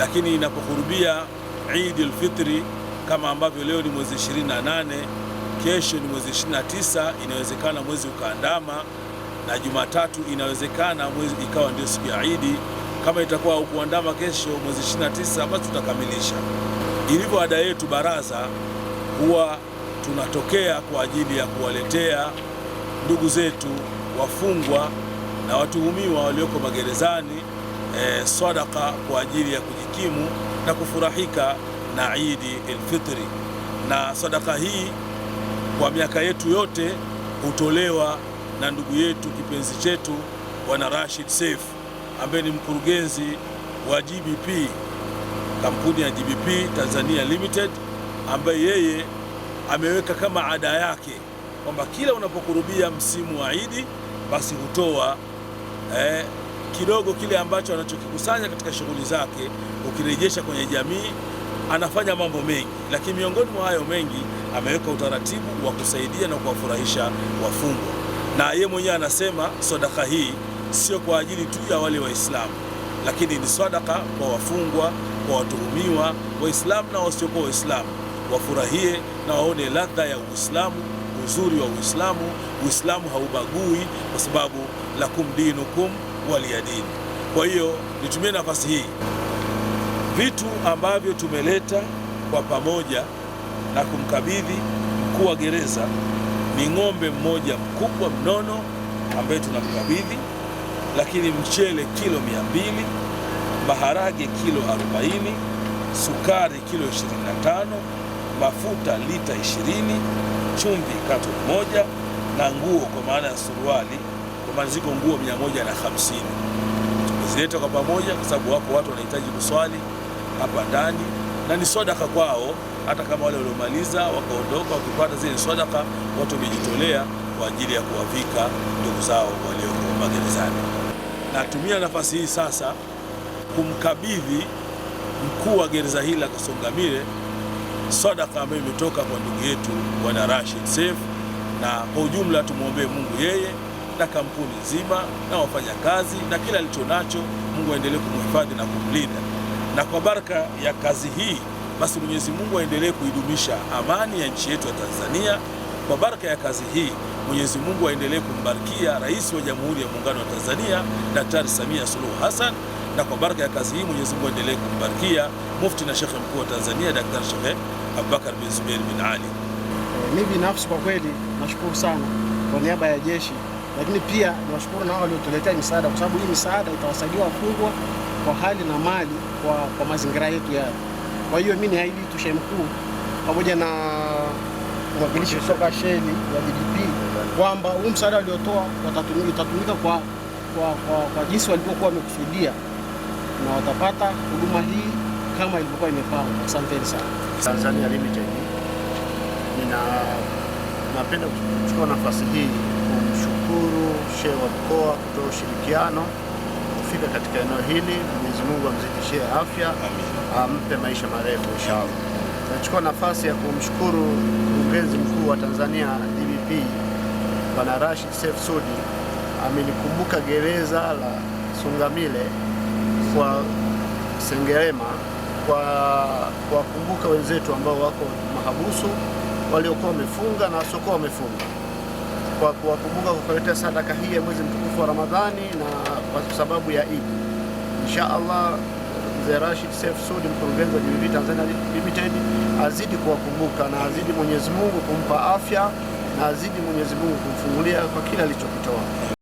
lakini inapokurubia Eid al kama ambavyo leo ni mwezi 28, kesho ni mwezi 29, inawezekana mwezi ukaandama na Jumatatu inawezekana mwezi ikawa ndio siku ya Idi. Kama itakuwa ukuandama kesho mwezi 29, basi tutakamilisha. Ilivyo ada yetu, baraza huwa tunatokea kwa ajili ya kuwaletea ndugu zetu wafungwa na watuhumiwa walioko magerezani e, sadaka kwa ajili ya kujikimu na kufurahika na Idi Elfitri. Na sadaka hii kwa miaka yetu yote hutolewa na ndugu yetu kipenzi chetu Bwana Rashid Saif ambaye ni mkurugenzi wa GBP, kampuni ya GBP Tanzania Limited, ambaye yeye ameweka kama ada yake kwamba kila unapokurubia msimu wa Idi basi hutoa eh, kidogo kile ambacho anachokikusanya katika shughuli zake, ukirejesha kwenye jamii, anafanya mambo mengi, lakini miongoni mwa hayo mengi ameweka utaratibu wa kusaidia na kuwafurahisha wafungwa, na yeye mwenyewe anasema sadaka hii sio kwa ajili tu ya wale Waislamu, lakini ni sadaka kwa wafungwa, kwa watuhumiwa Waislamu na wasiokuwa Waislamu, wafurahie na waone ladha ya Uislamu, uzuri wa Uislamu. Uislamu haubagui kwa sababu lakum dinukum waliadini Kwa hiyo nitumie nafasi hii, vitu ambavyo tumeleta kwa pamoja na kumkabidhi mkuu wa gereza ni ng'ombe mmoja mkubwa mnono ambaye tunamkabidhi, lakini mchele kilo 200, maharage kilo 40, sukari kilo 25, mafuta lita 20, chumvi kato moja na nguo kwa maana ya suruali maana ziko nguo 150 zileta kwa pamoja, kwa sababu wako watu wanahitaji kuswali hapa ndani na ni sadaka kwao, hata kama wale waliomaliza wakaondoka, wakipata zile swadaka, watu wamejitolea kwa ajili ya kuwavika ndugu zao walioko magerezani. Natumia nafasi hii sasa kumkabidhi mkuu wa gereza hili la kasongamire sadaka ambayo imetoka kwa ndugu yetu Bwana Rashid Seif, na kwa ujumla tumwombee Mungu yeye na kampuni nzima na wafanyakazi na kila alichonacho. Mungu aendelee kumhifadhi na kumlinda, na kwa baraka ya kazi hii basi Mwenyezi Mungu aendelee kuidumisha amani ya nchi yetu ya Tanzania. Kwa baraka ya kazi hii Mwenyezi Mungu aendelee kumbarikia Rais wa Jamhuri ya Muungano wa Tanzania Daktari Samia Suluhu Hassan, na kwa baraka ya kazi hii Mwenyezi Mungu aendelee kumbarikia Mufti na Shekhe Mkuu wa Tanzania Daktari Shekhe Abubakar bin Zubeir bin Ali. Eh, mimi binafsi kwa kweli nashukuru sana kwa niaba ya jeshi lakini pia niwashukuru na wao waliotuletea misaada, kwa sababu hii misaada itawasaidia wafungwa kwa hali na mali kwa, kwa mazingira yetu ya. Kwa hiyo mimi ni haidi tushe mkuu pamoja na mwakilishi kutoka sheni ya DDP kwamba huu msaada waliotoa utatumika kwa, kwa, kwa, kwa jinsi walivyokuwa wamekusudia na watapata huduma hii kama ilivyokuwa imepangwa. Asanteni sana. Tanzania Limited, nina napenda kuchukua nafasi hii tunashukuru shehe wa mkoa kutoa ushirikiano kufika katika eneo hili. Mwenyezi Mungu amzidishie afya, ampe maisha marefu inshallah. nachukua nafasi ya kumshukuru mkurugenzi mkuu wa Tanzania DPP Bwana Rashid Seif Sudi, amelikumbuka gereza la Sungamile kwa Sengerema kwa kuwakumbuka wenzetu ambao wako mahabusu waliokuwa wamefunga na wasiokuwa wamefunga kwa kuwakumbuka kwa sadaka hii ya mwezi mtukufu wa Ramadhani na kwa sababu ya Idi. Insha Allah Mzee Rashid Saif Sudi, mkurugenzi wa Jubilee Tanzania Limited, azidi kuwakumbuka na azidi Mwenyezi Mungu kumpa afya na azidi Mwenyezi Mungu kumfungulia kwa kila alichokitoa.